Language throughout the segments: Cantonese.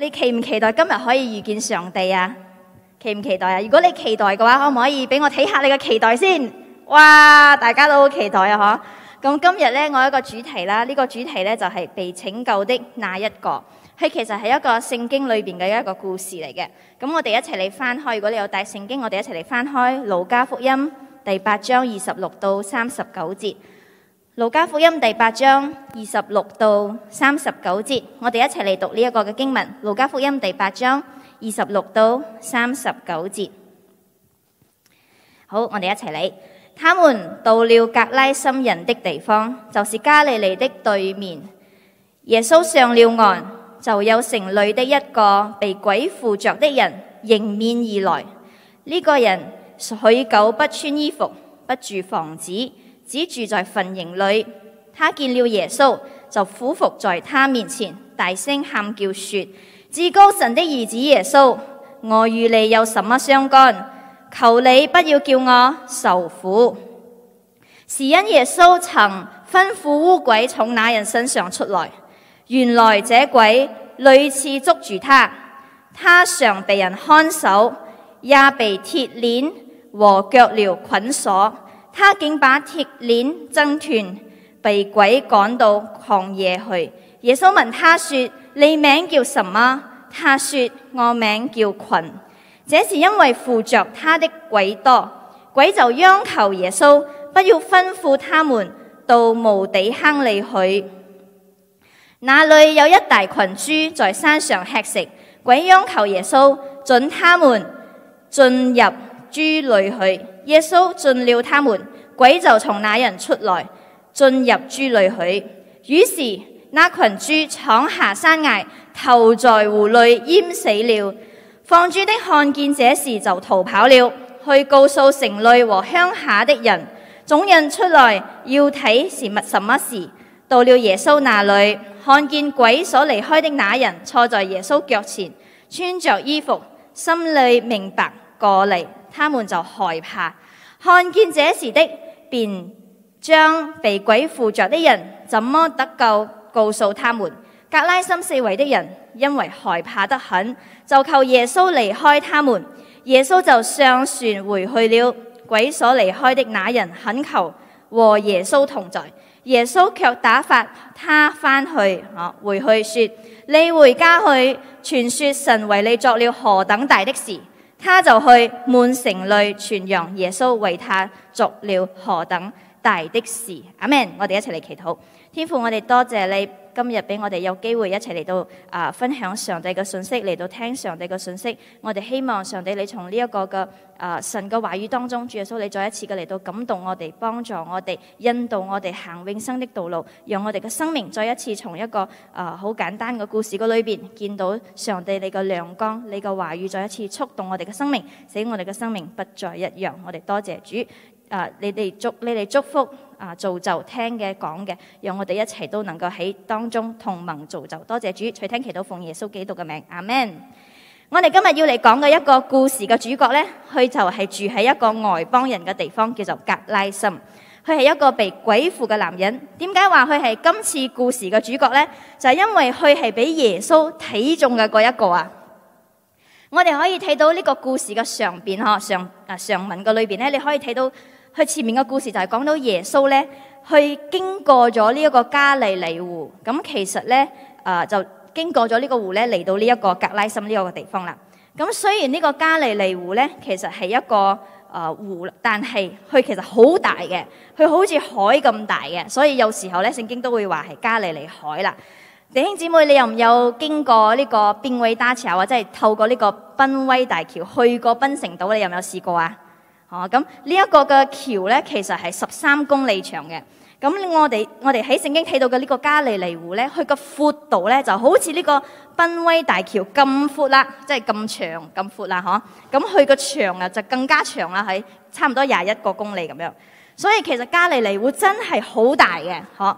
你期唔期待今日可以遇見上帝啊？期唔期待啊？如果你期待嘅話，可唔可以俾我睇下你嘅期待先？哇！大家都好期待啊！嗬。咁今日咧，我有一個主題啦。呢個主題咧就係被拯救的那一個，佢其實係一個聖經裏邊嘅一個故事嚟嘅。咁我哋一齊嚟翻開。如果你有帶聖經，我哋一齊嚟翻開《路加福音》第八章二十六到三十九節。路加福音第八章二十六到三十九節，我哋一齊嚟讀呢一個嘅經文。路加福音第八章二十六到三十九節，好，我哋一齊嚟。他們到了格拉森人的地方，就是加利利的對面。耶穌上了岸，就有城裏的一個被鬼附着的人迎面而來。呢、這個人許久不穿衣服，不住房子。只住在墳營裏，他見了耶穌，就俯伏在他面前，大聲喊叫說：至高神的兒子耶穌，我與你有什麼相干？求你不要叫我受苦。是因耶穌曾吩咐污鬼從那人身上出來。原來這鬼屢次捉住他，他常被人看守，也被鐵鏈和腳鐐捆鎖。他竟把鐵鏈掙斷，被鬼趕到曠野去。耶穌問他說：你名叫什麼？他說：我名叫群。這是因為附着他的鬼多，鬼就央求耶穌不要吩咐他們到無底坑裏去。那裏有一大群豬在山上吃食，鬼央求耶穌准他們進入。.豬裡去，耶穌進了他們，鬼就從那人出來，進入豬裡去。於是那群豬闖下山崖，投在湖裡淹死了。放豬的看見這事，就逃跑了，去告訴城裡和鄉下的人。眾人出來要睇是乜什麼事，到了耶穌那裡，看見鬼所離開的那人坐在耶穌腳前，穿着衣服，心裡明白過嚟。他們就害怕，看見這時的，便將被鬼附着的人怎麼得救，告訴他們。格拉森四圍的人因為害怕得很，就求耶穌離開他們。耶穌就上船回去了。鬼所離開的那人懇求和耶穌同在，耶穌卻打發他翻去，哦，回去說：你回家去，傳說神為你作了何等大的事。他就去滿城裏傳揚耶穌為他作了何等大的事。阿門，我哋一齊嚟祈禱，天父，我哋多謝你。今日俾我哋有機會一齊嚟到啊、呃、分享上帝嘅信息，嚟到聽上帝嘅信息。我哋希望上帝你從呢一個嘅啊、呃、神嘅話語當中，主耶穌你再一次嘅嚟到感動我哋，幫助我哋，引導我哋行永生的道路，讓我哋嘅生命再一次從一個啊好、呃、簡單嘅故事個裏邊見到上帝你嘅亮光，你嘅話語再一次觸動我哋嘅生命，使我哋嘅生命不再一樣。我哋多謝主。啊！你哋祝你哋祝福啊！造就聽嘅講嘅，讓我哋一齊都能夠喺當中同盟造就。多謝主，垂聽祈禱奉耶穌基督嘅名，阿門，我哋今日要嚟講嘅一個故事嘅主角呢，佢就係住喺一個外邦人嘅地方，叫做格拉森。佢係一個被鬼附嘅男人。點解話佢係今次故事嘅主角呢？就係因為佢係俾耶穌睇中嘅嗰一個啊！我哋可以睇到呢個故事嘅上邊，上啊上文嘅裏邊呢你可以睇到。佢前面嘅故事就係講到耶穌咧，去經過咗呢一個加利利湖，咁其實咧，啊就經過咗呢個湖咧，嚟到呢一個格拉森呢一個地方啦。咁雖然呢個加利利湖咧，其實係一個啊湖，但係佢其實好大嘅，佢好似海咁大嘅，所以有時候咧，聖經都會話係加利利海啦。弟兄姊妹，你有唔有經過呢個邊位大橋或者係透過呢個檳威大橋去過檳城島？你有唔有試過啊？哦，咁呢一個嘅橋咧，其實係十三公里長嘅。咁我哋我哋喺聖經睇到嘅呢個加利利湖咧，佢個闊度咧就好似呢個賓威大橋咁闊啦，即係咁長咁闊啦，嗬。咁佢個長啊就更加長啦，喺差唔多廿一個公里咁樣。所以其實加利利湖真係好大嘅，嗬。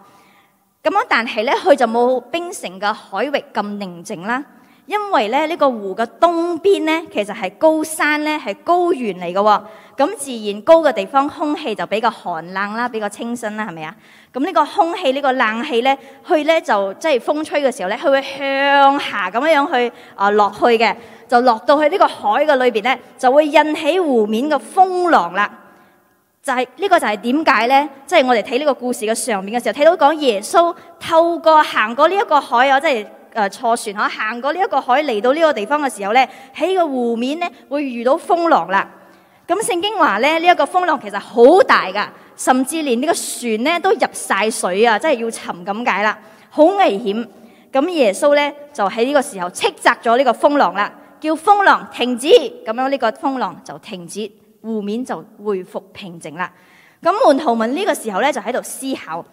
咁樣但係咧，佢就冇冰城嘅海域咁寧靜啦。因為咧，呢個湖嘅東邊咧，其實係高山咧，係高原嚟嘅。咁自然高嘅地方，空氣就比較寒冷啦，比較清新啦，係咪啊？咁呢個空氣，呢、呢個冷氣咧，佢咧就即係、就是、風吹嘅時候咧，佢會向下咁樣樣去啊落去嘅，就落到去呢個海嘅裏邊咧，就會引起湖面嘅風浪啦。就係、是、呢、呢個就係點解咧？即、就、係、是、我哋睇呢個故事嘅上面嘅時候，睇到講耶穌透過行過呢一個海啊，即係。誒、呃、坐船嚇，行過呢一個海嚟到呢個地方嘅時候咧，喺個湖面咧會遇到風浪啦。咁聖經話咧，呢、這、一個風浪其實好大噶，甚至連呢個船咧都入晒水啊，即係要沉咁解啦，好危險。咁耶穌咧就喺呢個時候斥責咗呢個風浪啦，叫風浪停止，咁樣呢個風浪就停止，湖面就恢復平靜啦。咁門徒們呢個時候咧就喺度思考。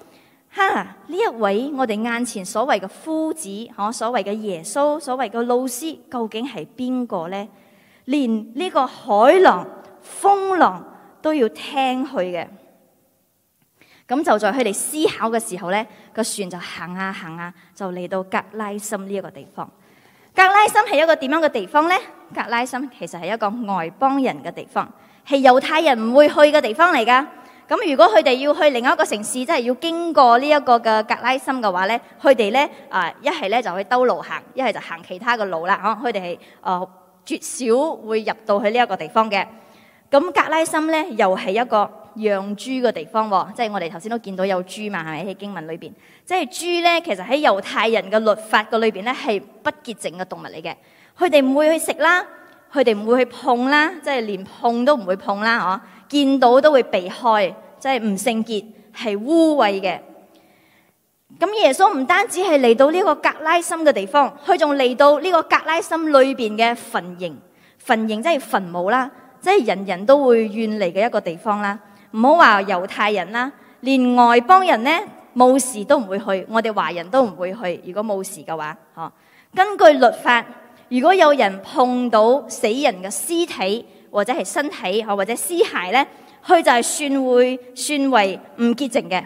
哈！呢一位我哋眼前所謂嘅夫子，我所謂嘅耶穌，所謂嘅老師，究竟係邊個呢？連呢個海浪、風浪都要聽佢嘅。咁就在佢哋思考嘅時候呢，個船就行下、啊、行下、啊，就嚟到格拉森呢一個地方。格拉森係一個點樣嘅地方呢？格拉森其實係一個外邦人嘅地方，係猶太人唔會去嘅地方嚟噶。咁如果佢哋要去另一個城市，即係要經過呢一個嘅格拉森嘅話咧，佢哋咧啊一係咧就去兜路行，一係就行其他嘅路啦，哦，佢哋係啊絕少會入到去呢一個地方嘅。咁格拉森咧又係一個養豬嘅地方喎，即係我哋頭先都見到有豬嘛係咪喺經文裏面？即係豬咧，其實喺猶太人嘅律法個裏面咧係不潔淨嘅動物嚟嘅，佢哋唔會去食啦。佢哋唔會去碰啦，即係連碰都唔會碰啦，嗬、啊！見到都會避開，即係唔聖潔，係污穢嘅。咁耶穌唔單止係嚟到呢個格拉森嘅地方，佢仲嚟到呢個格拉森裏邊嘅墳塋，墳塋即係墳墓啦，即係人人都會遠離嘅一個地方啦。唔好話猶太人啦，連外邦人呢冇事都唔會去，我哋華人都唔會去，如果冇事嘅話，啊，根據律法。如果有人碰到死人嘅屍體，或者係身體，或者屍骸咧，佢就係算會算為唔潔淨嘅。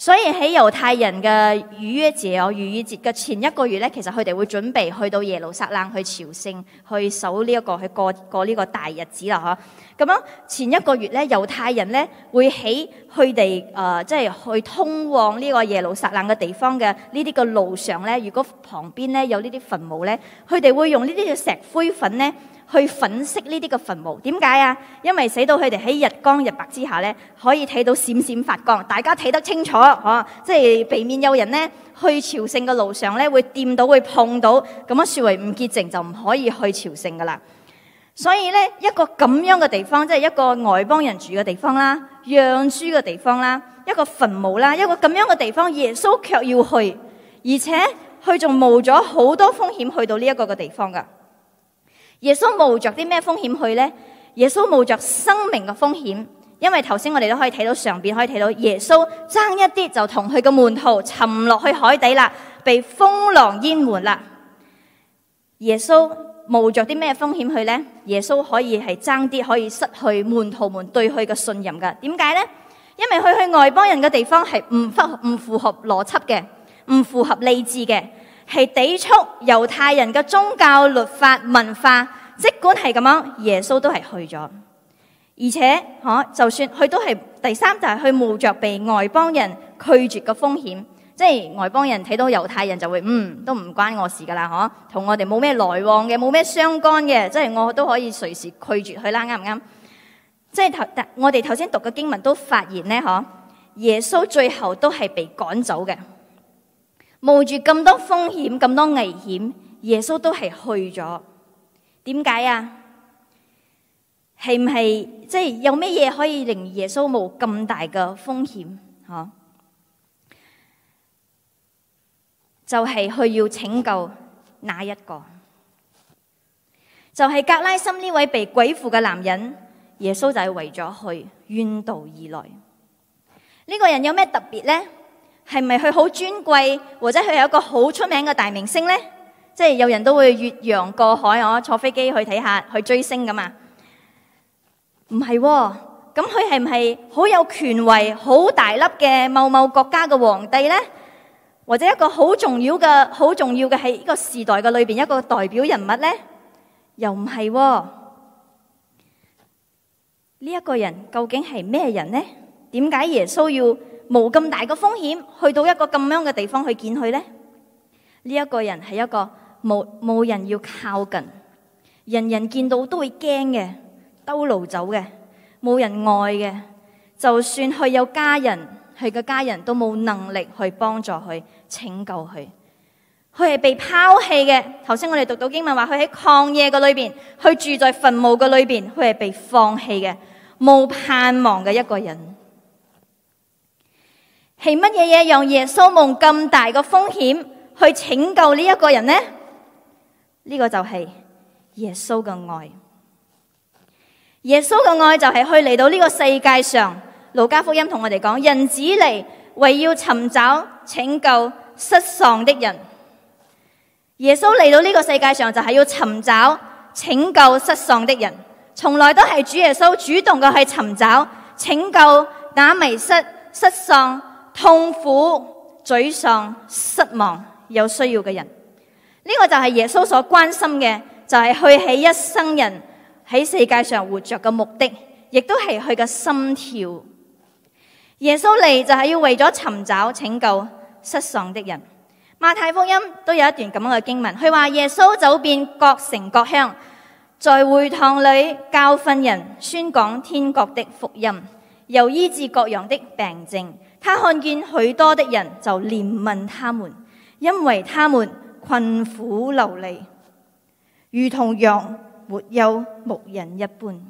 所以喺猶太人嘅逾越節，我逾越節嘅前一個月呢，其實佢哋會準備去到耶路撒冷去朝聖，去守呢個去過過呢個大日子啦嚇。咁樣前一個月呢，猶太人呢會喺佢哋呃即係去通往呢個耶路撒冷嘅地方嘅呢啲個路上呢，如果旁邊呢有呢啲墳墓呢，佢哋會用呢啲石灰粉呢。去粉飾呢啲嘅墳墓，點解啊？因為死到佢哋喺日光日白之下咧，可以睇到閃閃發光，大家睇得清楚，哦，即係避免有人咧去朝聖嘅路上咧會掂到會碰到，咁樣說為唔潔淨就唔可以去朝聖噶啦。所以咧一個咁樣嘅地方，即係一個外邦人住嘅地方啦，養豬嘅地方啦，一個墳墓啦，一個咁樣嘅地方，耶穌卻要去，而且佢仲冒咗好多風險去到呢一個嘅地方噶。耶穌冒着啲咩風險去呢？耶穌冒着生命嘅風險，因為頭先我哋都可以睇到上邊可以睇到耶穌爭一啲就同佢嘅門徒沉落去海底啦，被風浪淹沒啦。耶穌冒着啲咩風險去呢？耶穌可以係爭啲，可以失去門徒們對佢嘅信任㗎。點解呢？因為佢去外邦人嘅地方係唔唔符合邏輯嘅，唔符合理智嘅。係抵觸猶太人嘅宗教律法文化，即管係咁樣，耶穌都係去咗。而且，嗬，就算佢都係第三，就係佢冒着被外邦人拒絕嘅風險，即係外邦人睇到猶太人就會，嗯，都唔關我事噶啦，嗬，同我哋冇咩來往嘅，冇咩相干嘅，即係我都可以隨時拒絕佢啦，啱唔啱？即係頭，我哋頭先讀嘅經文都發現咧，耶穌最後都係被趕走嘅。冒住咁多風險、咁多危險，耶穌都係去咗。點解啊？係唔係即係有咩嘢可以令耶穌冒咁大嘅風險？吓，就係去要拯救那一個，就係格拉森呢位被鬼附嘅男人，耶穌就係為咗去遠道而來。呢個人有咩特別呢？係咪佢好尊貴，或者佢係一個好出名嘅大明星呢？即係有人都會越洋過海哦，我坐飛機去睇下，去追星咁啊？唔係喎，咁佢係唔係好有權威、好大粒嘅某某國家嘅皇帝呢？或者一個好重要嘅、好重要嘅係呢個時代嘅裏邊一個代表人物呢？又唔係喎？呢一個人究竟係咩人呢？點解耶穌要？冇咁大個風險，去到一個咁樣嘅地方去見佢呢。呢、這個、一個人係一個冇冇人要靠近，人人見到都會驚嘅，兜路走嘅，冇人愛嘅。就算佢有家人，佢嘅家人都冇能力去幫助佢拯救佢，佢係被拋棄嘅。頭先我哋讀到經文話，佢喺曠野嘅裏邊，佢住在墳墓嘅裏邊，佢係被放棄嘅，冇盼望嘅一個人。係乜嘢嘢讓耶穌冒咁大個風險去拯救呢一個人呢？呢個就係耶穌嘅愛。耶穌嘅愛就係去嚟到呢個世界上。路加福音同我哋講，人子嚟為要尋找拯救失喪的人。耶穌嚟到呢個世界上就係要尋找拯救失喪的人，從來都係主耶穌主動嘅去尋找拯救打迷失失喪，痛苦、沮喪、失望，有需要嘅人，呢個就係耶穌所關心嘅，就係去起一生人喺世界上活着嘅目的，亦都係佢嘅心跳。耶穌嚟，就係要為咗尋找拯救失喪的人。馬太福音都有一段咁樣嘅經文，佢話，耶穌走遍各城各鄉，在會堂裏教訓人，宣講天國的福音，又醫治各樣的病症。他看見許多的人就憐憫他們，因為他們困苦流離，如同羊沒有，有牧人一般。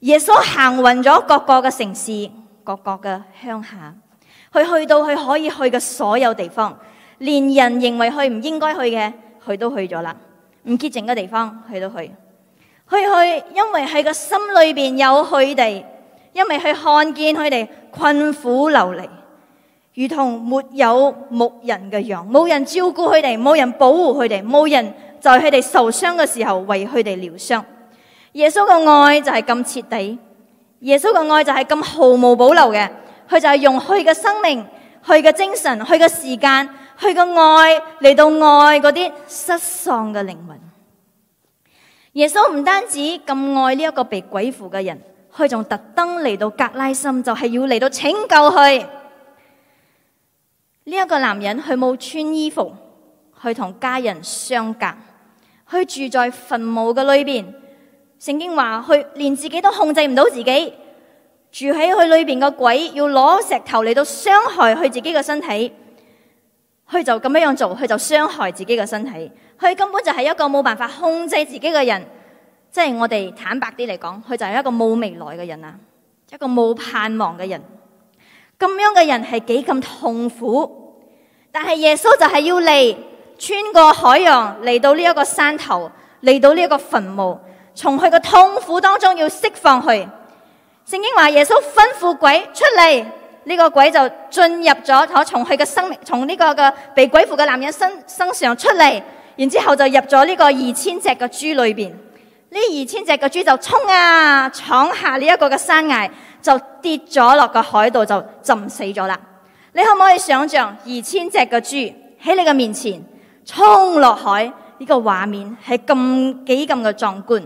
耶穌行勻咗各個嘅城市、各個嘅鄉下，去去到佢可以去嘅所有地方，連人認為不該、去唔應該去嘅，佢都去咗啦。唔潔淨嘅地方，佢都去，去去，因為佢個心裏邊有佢哋。因為佢看見佢哋困苦流離，如同沒有牧人嘅羊，冇人照顧佢哋，冇人保護佢哋，冇人在佢哋受傷嘅時候為佢哋療傷。耶穌嘅愛就係咁徹底，耶穌嘅愛就係咁毫無保留嘅，佢就係用佢嘅生命、佢嘅精神、佢嘅時間、佢嘅愛嚟到愛嗰啲失喪嘅靈魂。耶穌唔單止咁愛呢一個被鬼附嘅人。佢仲特登嚟到格拉森，就係要嚟到拯救佢。呢一個男人，佢冇穿衣服，佢同家人相隔，佢住在墳墓嘅裏邊。聖經話佢連自己都控制唔到自己，住喺佢裏邊嘅鬼要攞石頭嚟到傷害佢自己嘅身體。佢就咁樣樣做，佢就傷害自己嘅身體。佢根本就係一個冇辦法控制自己嘅人。即係我哋坦白啲嚟講，佢就係一個冇未來嘅人啊，一個冇盼望嘅人。咁樣嘅人係幾咁痛苦，但係耶穌就係要嚟穿過海洋嚟到呢一個山頭嚟到呢一個墳墓，從佢嘅痛苦當中要釋放佢。聖經話耶穌吩咐鬼出嚟，呢個鬼就進入咗，可從佢嘅生命從呢個嘅被鬼附嘅男人身身上出嚟，然之後就入咗呢個二千隻嘅豬裏邊。呢二千隻個豬就衝啊，闖下呢一個嘅山崖，就跌咗落個海度，就浸死咗啦。你可唔可以想象二千隻嘅豬喺你嘅面前衝落海呢個畫面係咁幾咁嘅壯觀？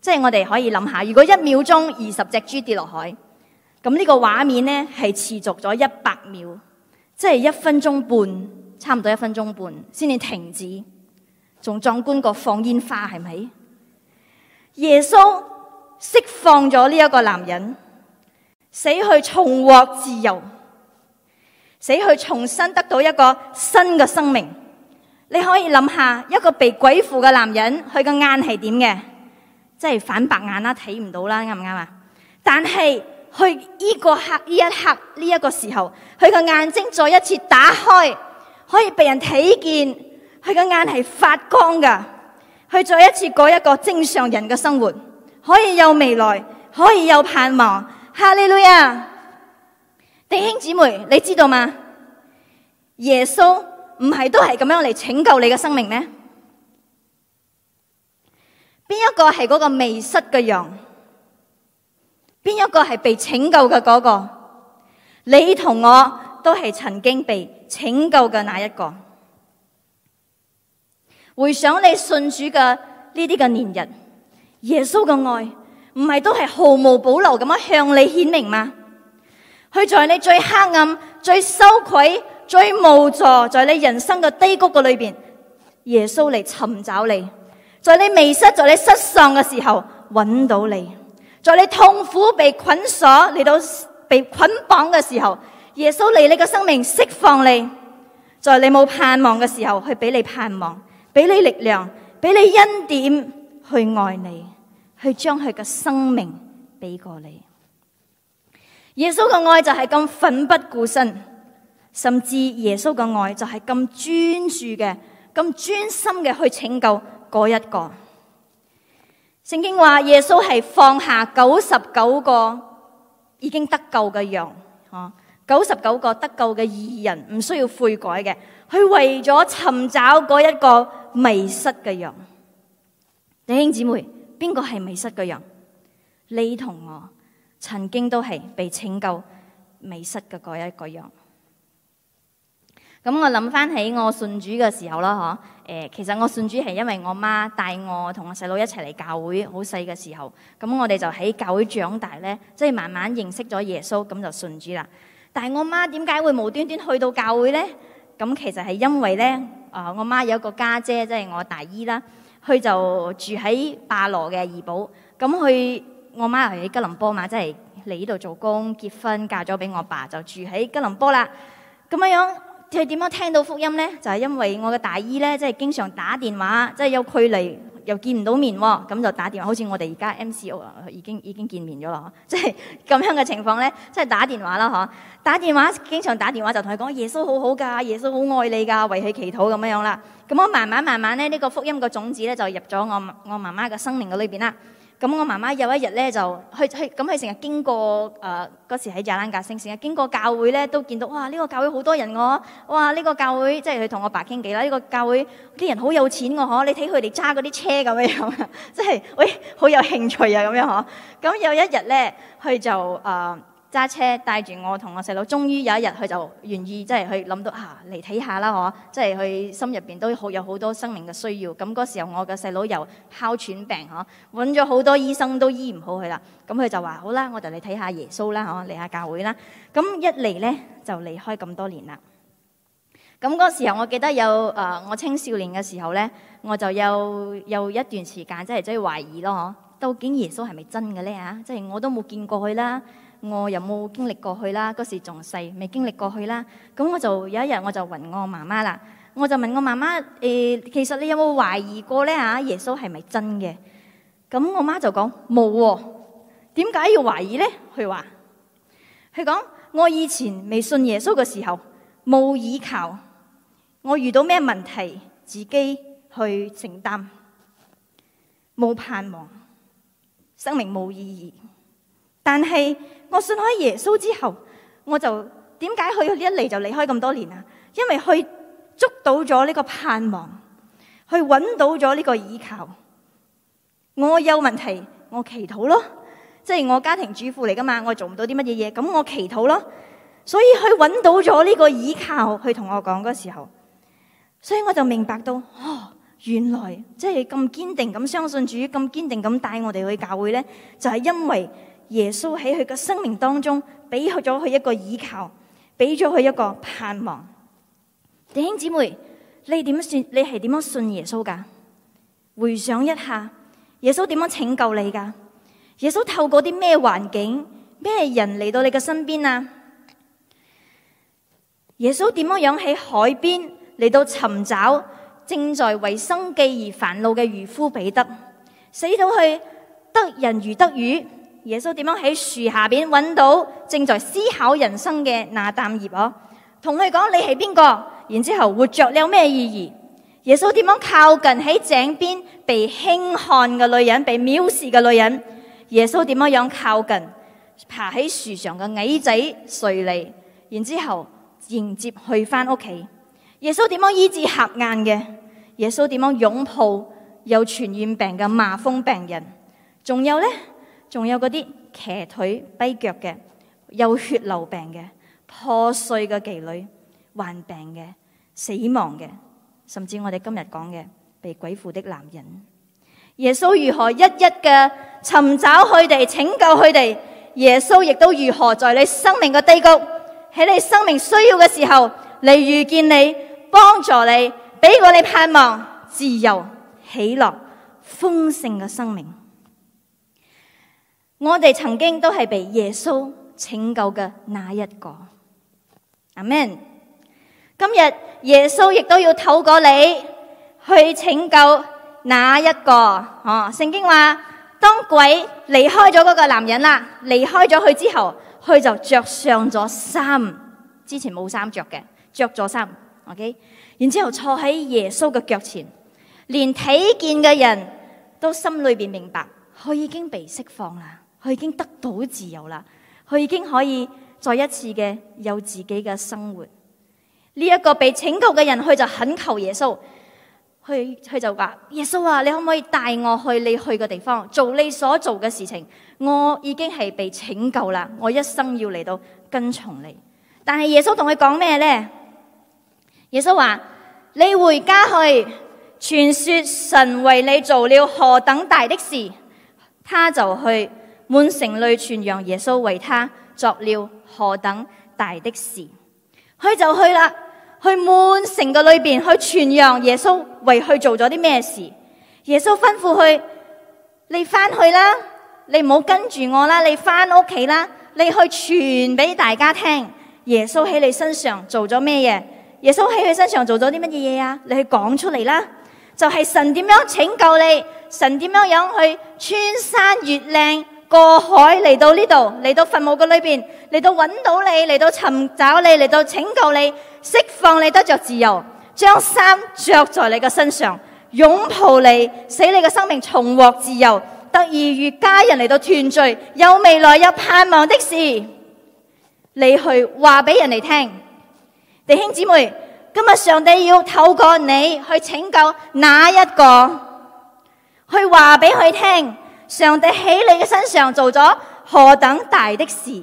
即係我哋可以諗下，如果一秒鐘二十隻豬跌落海，咁呢個畫面呢係持續咗一百秒，即係一分鐘半，差唔多一分鐘半先至停止，仲壯觀過放煙花，係咪？耶穌釋放咗呢一個男人，死去重獲自由，死去重新得到一個新嘅生命。你可以諗下一個被鬼附嘅男人，佢嘅眼係點嘅？即係反白眼啦，睇唔到啦，啱唔啱啊？但係去呢個刻、呢一刻、呢一個時候，佢嘅眼睛再一次打開，可以被人睇見，佢嘅眼係發光噶。去再一次過一個正常人嘅生活，可以有未來，可以有盼望。哈利路亞，弟兄姊妹，你知道嗎？耶穌唔係都係咁樣嚟拯救你嘅生命咩？邊一個係嗰個迷失嘅羊？邊一個係被拯救嘅嗰個？你同我都係曾經被拯救嘅那一個。回想你信主嘅呢啲嘅年日，耶穌嘅愛唔係都係毫無保留咁樣向你顯明嗎？佢在你最黑暗、最羞愧、最無助，在你人生嘅低谷嘅裏邊，耶穌嚟尋找你，在你迷失、在你失喪嘅時候揾到你，在你痛苦被捆鎖嚟到被捆綁嘅時候，耶穌嚟你嘅生命釋放你，在你冇盼望嘅時候去俾你盼望。俾你力量，俾你恩典去愛你，去將佢嘅生命俾過你。耶穌嘅愛就係咁奮不顧身，甚至耶穌嘅愛就係咁專注嘅、咁專心嘅去拯救嗰一個。聖經話耶穌係放下九十九個已經得救嘅羊，吓九十九個得救嘅義人唔需要悔改嘅，佢為咗尋找嗰一個。迷失嘅羊，弟兄姊妹，邊個係迷失嘅羊？你同我曾經都係被拯救迷失嘅嗰一個羊。咁我諗翻起我信主嘅時候啦，嗬，誒，其實我信主係因為我媽帶我同我細佬一齊嚟教會，好細嘅時候，咁我哋就喺教會長大咧，即係慢慢認識咗耶穌，咁就信主啦。但係我媽點解會無端端去到教會咧？咁其實係因為咧。啊、uh,！我媽有一個家姐，姐，即係我大姨啦。佢就住喺霸羅嘅怡保。咁佢我媽又喺吉隆坡嘛，即係嚟呢度做工，結婚嫁咗俾我爸，就住喺吉隆坡啦。咁樣樣。佢點樣我聽到福音咧？就係因為我嘅大姨咧，即係經常打電話，即係有距離又見唔到面，咁就打電話。好似我哋而家 MCO 已經已經見面咗啦，即係咁樣嘅情況咧，即係打電話啦，嗬！打電話經常打電話就同佢講耶穌好好噶，耶穌好愛你噶，為佢祈禱咁樣啦。咁我慢慢慢慢咧，呢個福音嘅種子咧就入咗我我媽媽嘅生命嘅裏邊啦。咁我媽媽有一日咧，就去去，咁佢成日經過誒，嗰時喺雅蘭格成日經過教會咧，都見到哇，呢個教會好多人喎，哇，呢個教會即係佢同我爸傾偈啦，呢個教會啲人好有錢嘅嗬，你睇佢哋揸嗰啲車咁樣樣，即係喂，好有興趣啊，咁樣嗬，咁有一日咧佢就誒。揸車帶住我同我細佬，終於有一日佢就願意，即係去諗到嚇嚟睇下啦，嗬、啊，即係佢心入面都好有好多生命嘅需要。咁嗰時候我嘅細佬又哮喘病嗬，揾咗好多醫生都醫唔好佢啦。咁佢就話好啦，我哋嚟睇下耶穌啦，吓嚟下教會啦。咁一嚟咧就離開咁多年啦。咁嗰時候我記得有、呃、我青少年嘅時候咧，我就有有一段時間即係真係懷疑咯，嗬，究竟耶穌係咪真嘅咧啊？即係我都冇見過佢啦。我有冇經歷過去啦，嗰時仲細未經歷過去啦。咁我就有一日我就問我媽媽啦，我就問我媽媽誒，其實你有冇懷疑過呢？嚇？耶穌係咪真嘅？咁我媽就講冇喎，點解要懷疑呢？她說，佢話佢講我以前未信耶穌嘅時候，冇倚靠，我遇到咩問題自己去承擔，冇盼望，生命冇意義。但係我信開耶穌之後，我就點解佢一嚟就離開咁多年啊？因為佢捉到咗呢個盼望，佢揾到咗呢個倚靠。我有問題，我祈禱咯。即係我家庭主婦嚟噶嘛，我做唔到啲乜嘢嘢，咁我祈禱咯。所以佢揾到咗呢個倚靠，佢同我講嗰時候，所以我就明白到哦，原來即係咁堅定咁相信主，咁堅定咁帶我哋去教會呢，就係因為。耶穌喺佢個生命當中俾咗佢一個倚靠，俾咗佢一個盼望。弟兄姊妹，你點算？你係點樣信耶穌噶？回想一下，耶穌點樣拯救你噶？耶穌透過啲咩環境、咩人嚟到你嘅身邊啊？耶穌點樣喺海邊嚟到尋找正在為生計而煩惱嘅漁夫彼得？死到去得人如得魚。耶穌點樣喺樹下邊揾到正在思考人生嘅拿但業哦、啊？同佢講，你係邊個？然之後活着你有咩意義？耶穌點樣靠近喺井邊被輕看嘅女人，被藐視嘅女人？耶穌點樣樣靠近爬喺樹上嘅矮仔瑞利？然之後迎接去翻屋企？耶穌點樣醫治瞎眼嘅？耶穌點樣擁抱有傳染病嘅麻風病人？仲有呢？仲有嗰啲騎腿跛腳嘅，有血流病嘅，破碎嘅妓女，患病嘅，死亡嘅，甚至我哋今日講嘅被鬼附的男人，耶穌如何一一嘅尋找佢哋拯救佢哋。耶穌亦都如何在你生命嘅低谷，喺你生命需要嘅時候嚟，遇見你，幫助你，俾我哋盼望自由、喜樂、豐盛嘅生命。我哋曾經都係被耶穌拯救嘅那一個，阿門。今日耶穌亦都要透過你去拯救那一個哦。聖經話，當鬼離開咗嗰個男人啦，離開咗佢之後，佢就着上咗衫，之前冇衫着嘅，着咗衫。OK，然之後坐喺耶穌嘅腳前，連睇見嘅人都心裏邊明白，佢已經被釋放啦。佢已經得到自由啦，佢已經可以再一次嘅有自己嘅生活。呢、這、一個被拯救嘅人，佢就懇求耶穌，佢佢就話，耶穌啊，你可唔可以帶我去你去嘅地方做你所做嘅事情？我已經係被拯救啦，我一生要嚟到跟從你。但係耶穌同佢講咩呢？耶穌話，你回家去，傳說神為你做了何等大的事，他就去。滿城裏傳揚耶穌為他作了何等大的事，去就去啦。去滿城嘅裏邊去傳揚耶穌為佢做咗啲咩事。耶穌吩咐佢：你翻去啦，你唔好跟住我啦，你翻屋企啦。你去傳俾大家聽，耶穌喺你身上做咗咩嘢？耶穌喺佢身上做咗啲乜嘢嘢啊？你去講出嚟啦。就係、是、神點樣拯救你？神點樣樣去穿山越嶺，過海嚟到呢度，嚟到墳墓嘅裏邊，嚟到揾到你，嚟到尋找你，嚟到拯救你，釋放你得着自由，將衫着在你嘅身上，擁抱你，使你嘅生命重獲自由。得意與家人嚟到團聚，有未來有盼望的事，你去話俾人哋聽。弟兄姊妹，今日上帝要透過你去拯救哪一個？去話俾佢聽。上帝喺你嘅身上做咗何等大的事，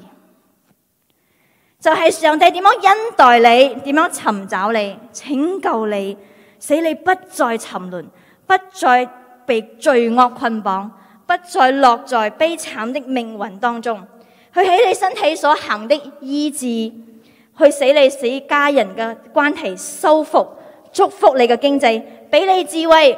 就係、是、上帝點樣恩待你，點樣尋找你、拯救你，使你不再沉淪，不再被罪惡捆綁，不再落在悲慘的命運當中。去喺你身體所行的醫治，去使你使家人嘅關係修復，祝福你嘅經濟，俾你智慧。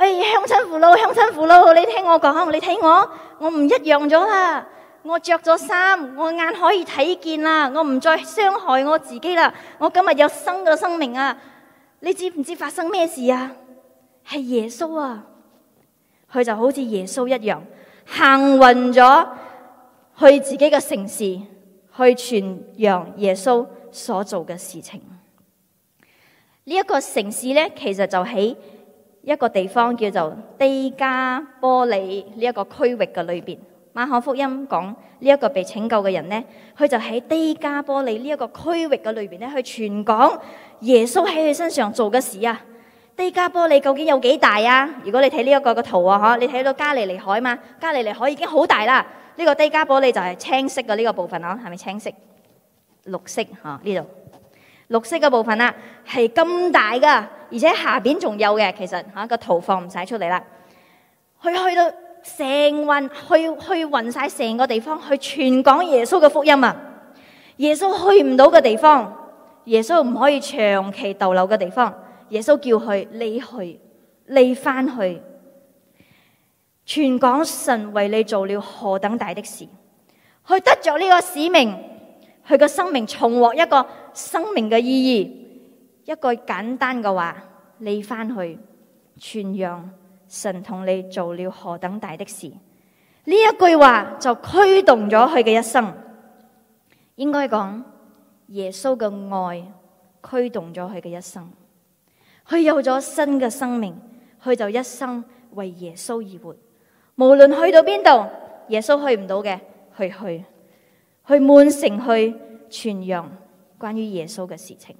哎，鄉親父老，鄉親父老，你聽我講，你睇我，我唔一樣咗啦。我着咗衫，我眼可以睇見啦，我唔再傷害我自己啦。我今日有新嘅生命啊！你知唔知發生咩事啊？係耶穌啊，佢就好似耶穌一樣，行運咗去自己嘅城市，去傳揚耶穌所做嘅事情。呢一個城市呢，其實就喺。一個地方叫做低加波利呢一個區域嘅裏邊，馬可福音講呢一個被拯救嘅人呢，佢就喺低加波利呢一個區域嘅裏邊咧去傳講耶穌喺佢身上做嘅事啊。低加波利究竟有幾大啊？如果你睇呢一個嘅圖啊，你睇到加利利海嘛？加利利海已經好大啦。呢、呢個低加波利就係青色嘅呢個部分啊，係咪青色？綠色嗬，呢度，綠色嘅部分啊，係咁大噶。而且下邊仲有嘅，其實吓個圖放唔使出嚟啦。佢去到成運去去雲晒，成個地方，去傳講耶穌嘅福音啊！耶穌去唔到嘅地方，耶穌唔可以長期逗留嘅地方，耶穌叫佢去，你去，你翻去，傳講神為你做了何等大的事？佢得咗呢個使命，佢個生命重獲一個生命嘅意義。一句簡單嘅話，你翻去傳揚神同你做了何等大的事？呢一句話就驅動咗佢嘅一生。應該講，耶穌嘅愛驅動咗佢嘅一生。佢有咗新嘅生命，佢就一生為耶穌而活。無論去到邊度，耶穌去唔到嘅，去去去滿城去傳揚關於耶穌嘅事情。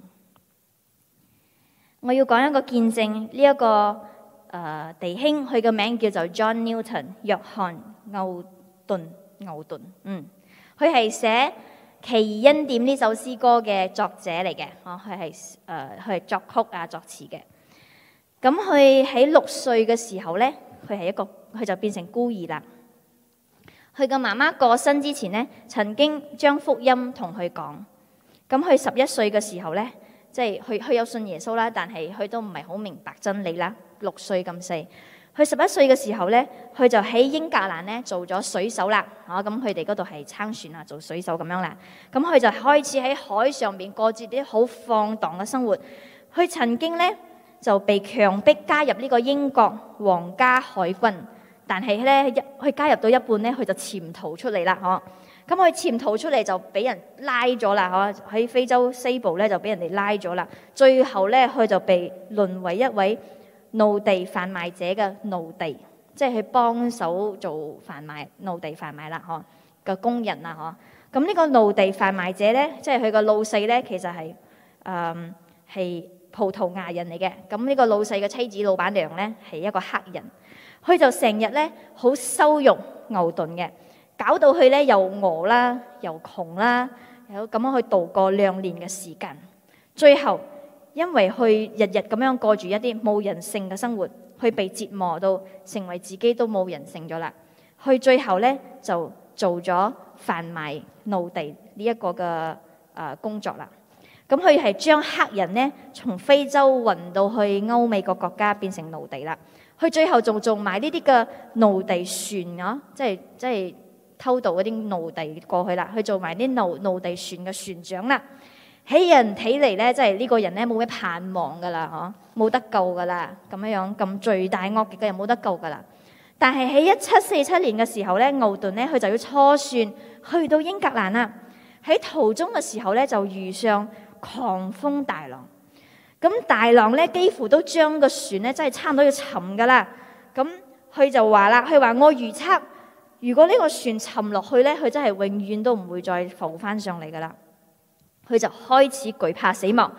我要講一個見證呢一個誒弟兄，佢嘅名叫做 John Newton，約翰牛頓牛頓，嗯，佢係寫《奇異恩典》呢首詩歌嘅作者嚟嘅。哦，佢係誒佢係作曲啊，作詞嘅。咁佢喺六歲嘅時候咧，佢係一個佢就變成孤兒啦。佢嘅媽媽過身之前咧，曾經將福音同佢講。咁佢十一歲嘅時候咧。即係佢佢有信耶穌啦，但係佢都唔係好明白真理啦。六歲咁細，佢十一歲嘅時候咧，佢就喺英格蘭咧做咗水手啦。哦、啊，咁佢哋嗰度係撐船啊，做水手咁樣啦。咁佢就開始喺海上邊過住啲好放蕩嘅生活。佢曾經咧就被強迫加入呢個英國皇家海軍，但係咧一佢加入到一半咧，佢就潛逃出嚟啦。哦、啊。咁佢潛逃出嚟就俾人拉咗啦，嚇喺非洲西部咧就俾人哋拉咗啦。最後咧佢就被淪為一位奴隸販賣者嘅奴隸，即係去幫手做販賣奴隸販賣啦，嚇嘅工人啦，嚇。咁呢個奴隸販賣者咧，即係佢個老細咧，其實係誒係葡萄牙人嚟嘅。咁呢個老細嘅妻子老闆娘咧係一個黑人，佢就成日咧好羞辱牛頓嘅。搞到佢咧又餓啦，又窮啦，又咁樣去度過兩年嘅時間。最後因為佢日日咁樣過住一啲冇人性嘅生活，佢被折磨到成為自己都冇人性咗啦。佢最後咧就做咗販賣奴隸呢一個嘅啊工作啦。咁佢係將黑人咧從非洲運到去歐美個國家變成奴隸啦。佢最後仲做埋呢啲嘅奴隸船啊，即係即係。偷渡嗰啲奴隸過去啦，去做埋啲奴奴隸船嘅船長啦。喺人睇嚟咧，即係呢個人咧冇咩盼望噶啦，啊、冇得救噶啦，咁樣樣咁罪大惡極嘅又冇得救噶啦。但係喺一七四七年嘅時候咧，牛頓咧佢就要初船去到英格蘭啦。喺途中嘅時候咧，就遇上狂風大浪，咁大浪咧幾乎都將個船咧，真係差唔多要沉噶啦。咁佢就話啦，佢話我預測。如果呢個船沉落去咧，佢真係永遠都唔會再浮翻上嚟噶啦。佢就開始懼怕死亡，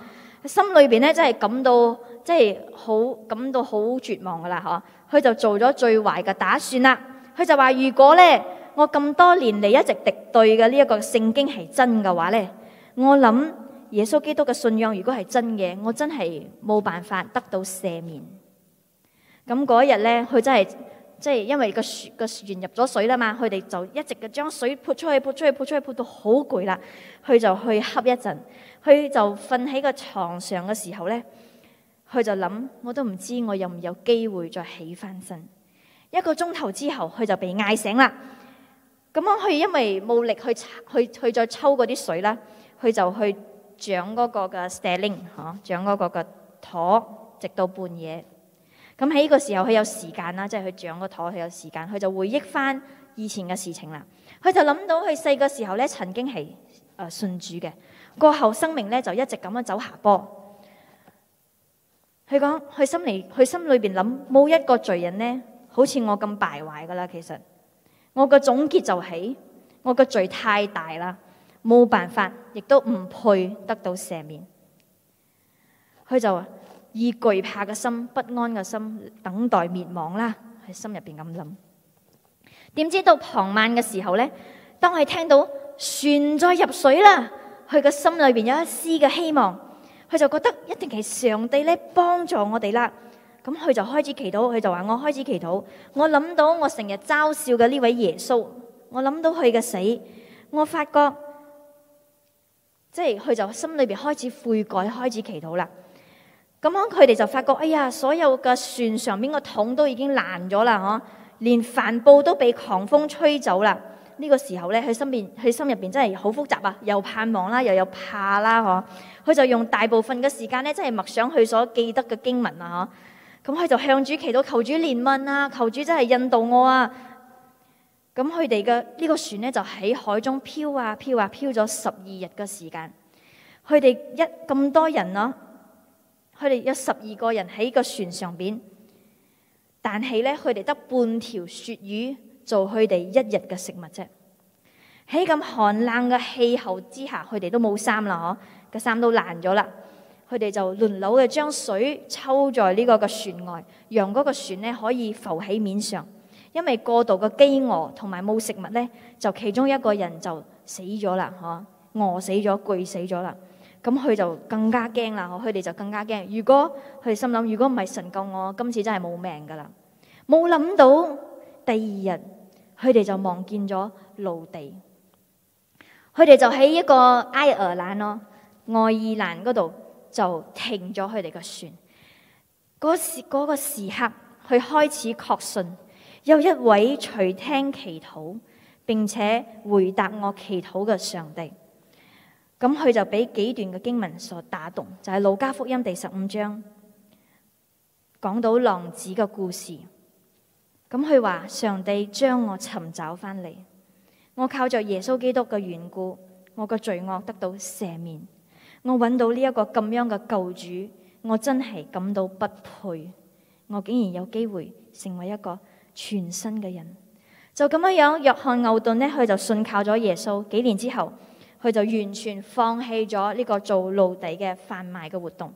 心裏邊咧真係感到即係好感到好絕望噶啦嗬。佢就做咗最壞嘅打算啦。佢就話：如果咧我咁多年嚟一直敵對嘅呢一個聖經係真嘅話咧，我諗耶穌基督嘅信仰如果係真嘅，我真係冇辦法得到赦免。咁嗰一日咧，佢真係。即係因為個船個船入咗水啦嘛，佢哋就一直嘅將水潑出去、潑出去、潑出去，潑到好攰啦。佢就去瞌一陣，佢就瞓喺個床上嘅時候咧，佢就諗，我都唔知我有唔有機會再起翻身。一個鐘頭之後，佢就被嗌醒啦。咁樣佢因為冇力去去去再抽嗰啲水啦，佢就去漲嗰個嘅 steering 吓，漲嗰個嘅舵，直到半夜。咁喺呢個時候，佢有時間啦，即係佢長個枱，佢有時間，佢就回憶翻以前嘅事情啦。佢就諗到佢細個時候咧，曾經係誒、呃、信主嘅，過後生命咧就一直咁樣走下坡。佢講：佢心裏，佢心裏邊諗，冇一個罪人咧，好似我咁敗壞噶啦。其實我嘅總結就係，我個罪太大啦，冇辦法，亦都唔配得到赦免。佢就話。以懼怕嘅心、不安嘅心，等待滅亡啦，喺心入邊咁諗。點知到傍晚嘅時候呢？當係聽到船再入水啦，佢嘅心裏邊有一絲嘅希望，佢就覺得一定係上帝咧幫助我哋啦。咁佢就開始祈禱，佢就話：我開始祈禱，我諗到我成日嘲笑嘅呢位耶穌，我諗到佢嘅死，我發覺即係佢就心裏邊開始悔改，開始祈禱啦。咁樣佢哋就發覺，哎呀，所有嘅船上面個桶都已經爛咗啦，嗬！連帆布都俾狂風吹走啦。呢個時候咧，佢心邊，佢心入邊真係好複雜啊，又盼望啦，又有怕啦，嗬！佢就用大部分嘅時間咧，真係默想佢所記得嘅經文啊，嗬！咁佢就向主祈禱，求主憐憫啊，求主真係引導我啊！咁佢哋嘅呢個船咧就喺海中漂啊漂啊漂咗十二日嘅時間，佢哋一咁多人啊。佢哋有十二個人喺個船上邊，但係咧，佢哋得半條鱈魚做佢哋一日嘅食物啫。喺咁寒冷嘅氣候之下，佢哋都冇衫啦，嗬，個衫都爛咗啦。佢哋就輪流嘅將水抽在呢個嘅船外，讓嗰個船咧可以浮喺面上。因為過度嘅飢餓同埋冇食物咧，就其中一個人就死咗啦，嗬，餓死咗，攰死咗啦。咁佢就更加驚啦，佢哋就更加驚。如果佢哋心諗，如果唔係神救我，今次真係冇命噶啦！冇諗到第二日，佢哋就望見咗陸地。佢哋就喺一個愛爾蘭咯，愛爾蘭嗰度就停咗佢哋嘅船。嗰時，嗰個時刻，佢開始確信有一位隨聽祈禱，並且回答我祈禱嘅上帝。咁佢就俾幾段嘅經文所打動，就係、是《路加福音》第十五章講到浪子嘅故事。咁佢話：上帝將我尋找翻嚟，我靠着耶穌基督嘅緣故，我嘅罪惡得到赦免。我揾到呢一個咁樣嘅救主，我真係感到不配。我竟然有機會成為一個全新嘅人，就咁樣若約翰牛頓呢，佢就信靠咗耶穌。幾年之後。佢就完全放棄咗呢個做奴隸嘅販賣嘅活動。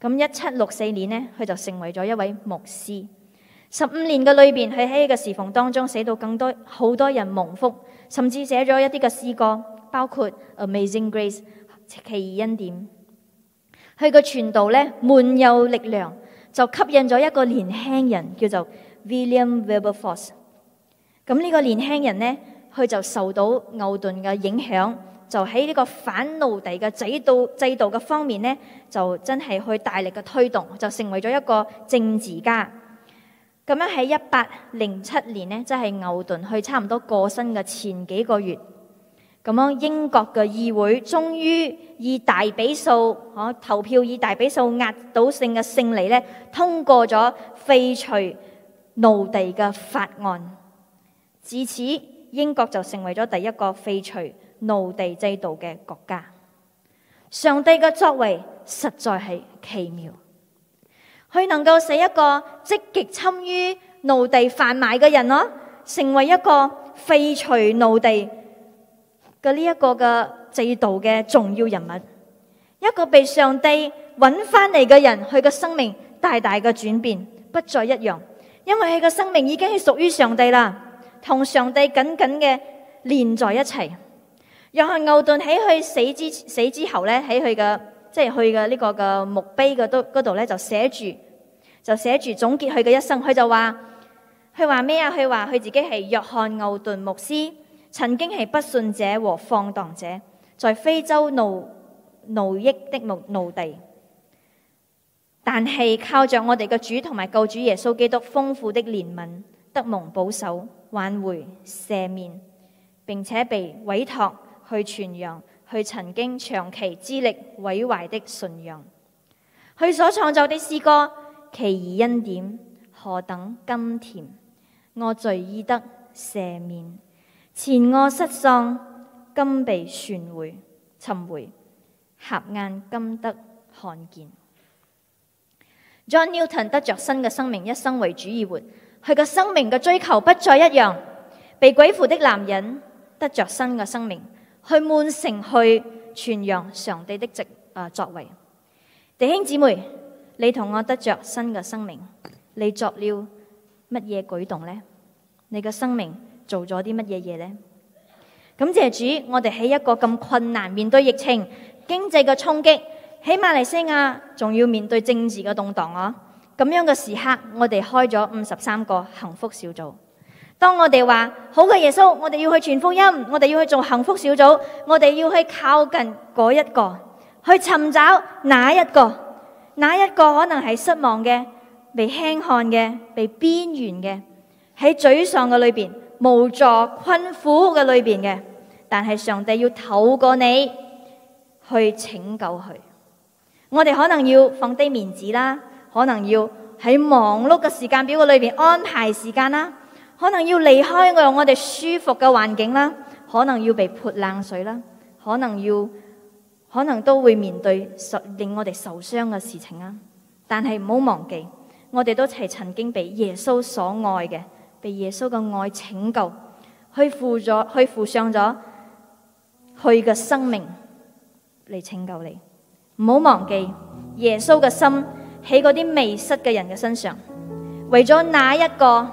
咁一七六四年呢，佢就成為咗一位牧師。十五年嘅裏面，佢喺呢個侍奉當中寫到更多好多人蒙福，甚至寫咗一啲嘅詩歌，包括《Amazing Grace》奇異恩典。佢嘅傳道咧，滿有力量，就吸引咗一個年輕人叫做 William Wilberforce。咁呢個年輕人呢，佢就受到牛頓嘅影響。就喺呢個反奴隸嘅制度制度嘅方面呢，就真係去大力嘅推動，就成為咗一個政治家。咁樣喺一八零七年呢，即係牛頓去差唔多過身嘅前幾個月，咁樣英國嘅議會終於以大比數嚇、啊、投票，以大比數壓倒性嘅勝利呢，通過咗廢除奴隸嘅法案。自此，英國就成為咗第一個廢除奴隸制度嘅國家，上帝嘅作為實在係奇妙。佢能夠使一個積極參與奴隸販賣嘅人咯，成為一個廢除奴隸嘅呢一個嘅制度嘅重要人物。一個被上帝揾翻嚟嘅人，佢嘅生命大大嘅轉變，不再一樣，因為佢嘅生命已經係屬於上帝啦，同上帝緊緊嘅連在一齊。約翰牛頓喺佢死之死之後咧，喺佢嘅即係佢嘅呢個嘅、這個這個、墓碑嘅嗰度咧就寫住就寫住總結佢嘅一生。佢就話佢話咩啊？佢話佢自己係約翰牛頓牧師，曾經係不信者和放蕩者，在非洲奴奴役的奴奴地，但係靠着我哋嘅主同埋救主耶穌基督豐富的憐憫、得蒙保守、挽回、赦免，並且被委託。去傳揚去曾經長期致力毀壞的信仰。佢所創作的詩歌，奇異恩典何等甘甜，我罪已得赦免。前我失喪，今被尋回尋回，瞎眼今得看見。John Newton 得着新嘅生命，一生為主而活。佢嘅生命嘅追求不再一樣。被鬼附的男人得着新嘅生命。去滿城去傳揚上帝的啊作為，弟兄姊妹，你同我得着新嘅生命，你作了乜嘢舉動呢？你嘅生命做咗啲乜嘢嘢呢？感謝主，我哋喺一個咁困難面對疫情、經濟嘅衝擊，喺馬來西亞仲要面對政治嘅動盪啊！咁樣嘅時刻，我哋開咗五十三個幸福小組。當我哋話好嘅，耶穌，我哋要去傳福音，我哋要去做幸福小組，我哋要去靠近嗰一個，去尋找哪一個，哪一個可能係失望嘅、被輕看嘅、被邊緣嘅，喺沮喪嘅裏邊、無助困苦嘅裏邊嘅。但係上帝要透過你去拯救佢。我哋可能要放低面子啦，可能要喺忙碌嘅時間表嘅裏邊安排時間啦。可能要離開我我哋舒服嘅環境啦，可能要被潑冷水啦，可能要可能都會面對受令我哋受傷嘅事情啦。但係唔好忘記，我哋都係曾經被耶穌所愛嘅，被耶穌嘅愛拯救，去付咗去付上咗佢嘅生命嚟拯救你。唔好忘記耶穌嘅心喺嗰啲迷失嘅人嘅身上，為咗那一個。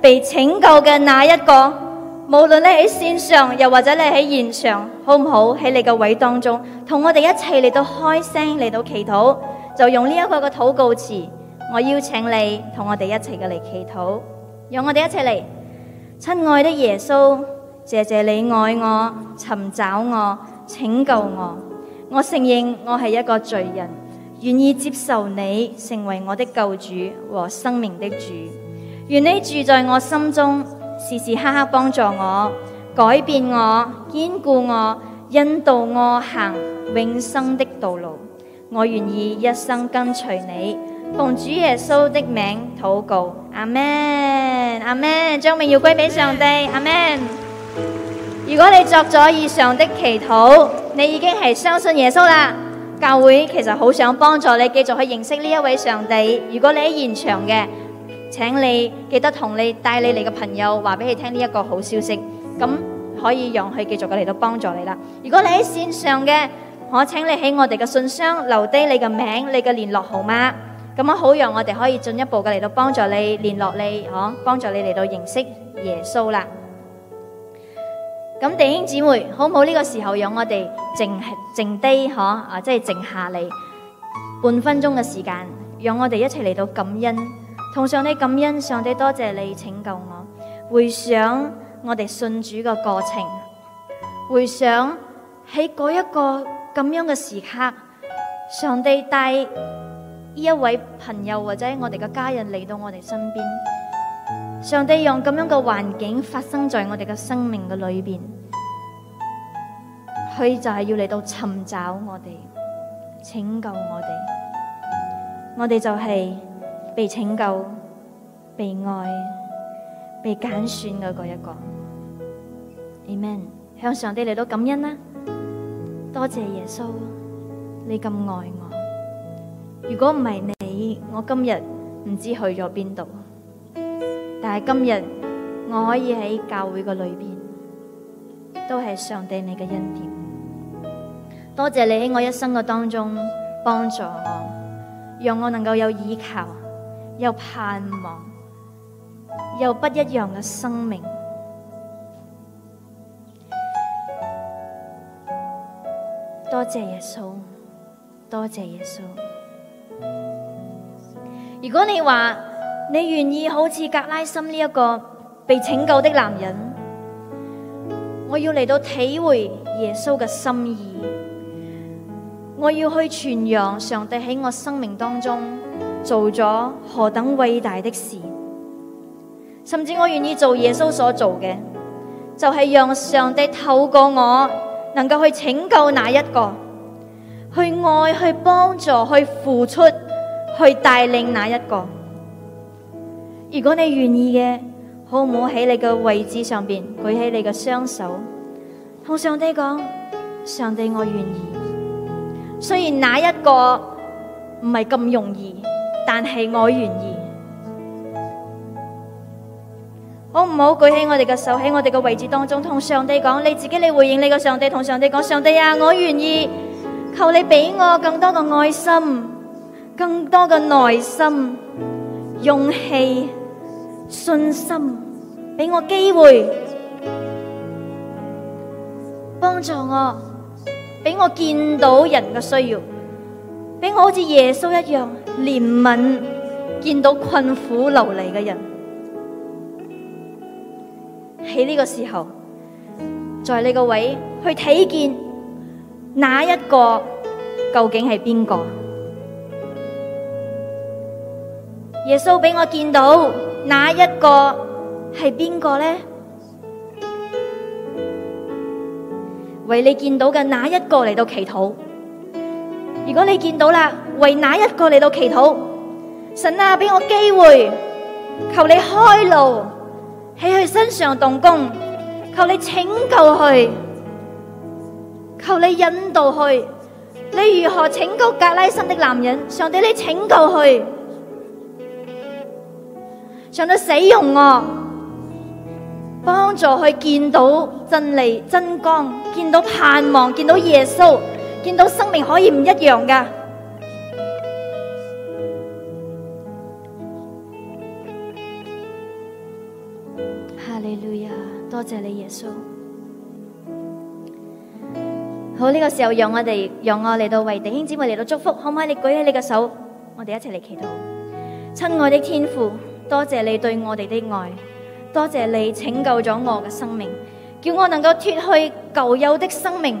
被拯救嘅那一個，無論你喺綫上，又或者你喺現場，好唔好，喺你嘅位當中，同我哋一齊嚟到開聲，嚟到祈禱，就用呢一個嘅禱告詞，我邀請你同我哋一齊嘅嚟祈禱，讓我哋一齊嚟，親愛的耶穌，謝謝你愛我，尋找我，拯救我，我承認我係一個罪人，願意接受你成為我的救主和生命的主。願你住在我心中，時時刻刻幫助我，改變我，堅固我，引導我行永生的道路。我願意一生跟隨你，奉主耶穌的名禱告，阿門，阿門。將命要歸俾上帝，阿門。如果你作咗以上的祈禱，你已經係相信耶穌啦。教會其實好想幫助你繼續去認識呢一位上帝。如果你喺現場嘅，請你記得同你帶你嚟嘅朋友話俾佢聽呢一個好消息，咁可以讓佢繼續嘅嚟到幫助你啦。如果你喺線上嘅，我請你喺我哋嘅信箱留低你嘅名、你嘅聯絡號碼，咁樣好讓我哋可以進一步嘅嚟到幫助你聯絡你，嗬，幫助你嚟到認識耶穌啦。咁弟兄姊妹，好唔好呢個時候讓我哋靜靜低嗬，啊，即係靜下你半分鐘嘅時間，讓我哋一齊嚟到感恩。同上帝感恩，上帝多謝你拯救我。回想我哋信主嘅過程，回想喺嗰一個咁樣嘅時刻，上帝帶呢一位朋友或者我哋嘅家人嚟到我哋身邊，上帝用咁樣嘅環境發生在我哋嘅生命嘅裏邊，佢就係要嚟到尋找我哋，拯救我哋，我哋就係、是。被拯救、被愛、被揀選嘅嗰一個，Amen。向上帝嚟到感恩啦，多謝耶穌，你咁愛我。如果唔係你，我今日唔知去咗邊度。但係今日我可以喺教會嘅裏邊，都係上帝你嘅恩典。多謝你喺我一生嘅當中幫助我，讓我能夠有依靠。又盼望，又不一樣嘅生命。多謝耶穌，多謝耶穌。如果你話你願意好似格拉森呢一個被拯救的男人，我要嚟到體會耶穌嘅心意，我要去傳揚上帝喺我生命當中。做咗何等偉大的事，甚至我願意做耶穌所做嘅，就係讓上帝透過我，能夠去拯救那一個，去愛、去幫助、去付出、去帶領那一個。如果你願意嘅，好唔好喺你嘅位置上邊舉起你嘅雙手，同上帝講：上帝，我願意。雖然那一個唔係咁容易。但係我願意，好唔好舉起我哋嘅手喺我哋嘅位置當中，同上帝講，你自己，你回應你嘅上帝，同上帝講，上帝啊，我願意，求你俾我更多嘅愛心、更多嘅耐心、勇氣、信心，俾我機會，幫助我，俾我見到人嘅需要。俾我好似耶穌一樣憐憫，見到困苦流離嘅人，喺呢個時候，在你個位去睇見哪一個究竟係邊個？耶穌俾我見到哪一個係邊個咧？為你見到嘅哪一個嚟到祈禱。如果你見到啦，為哪一個嚟到祈禱？神啊，俾我機會，求你開路，喺佢身上動工，求你拯救佢，求你引導佢。你如何拯救格拉辛的男人？上帝，你拯救佢，上帝使用我，幫助佢見到真理、真光，見到盼望，見到耶穌。見到生命可以唔一樣噶，哈利路亞，多謝你耶穌。好，呢個時候，讓我哋，讓我嚟到為弟兄姊妹嚟到祝福，可唔可以你舉起你嘅手，我哋一齊嚟祈禱？親愛的天父，多謝你對我哋的愛，多謝你拯救咗我嘅生命，叫我能夠脫去舊有的生命。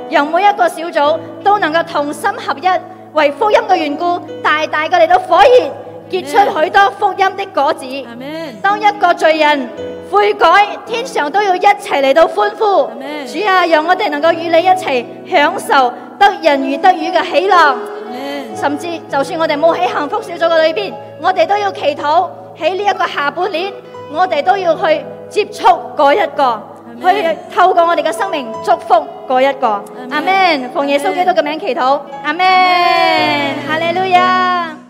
讓每一個小組都能夠同心合一，為福音嘅緣故，大大地嚟到火熱，結出許多福音的果子。當一個罪人悔改，天上都要一齊嚟到歡呼。主啊，讓我哋能夠與你一齊享受得人如得魚嘅喜樂。甚至就算我哋冇喺幸福小組嘅裏面，我哋都要祈禱喺呢一個下半年，我哋都要去接觸嗰一個。去透過我哋嘅生命祝福嗰一個，阿 Man，奉耶穌基督嘅名祈禱，阿 Man，哈利路亞。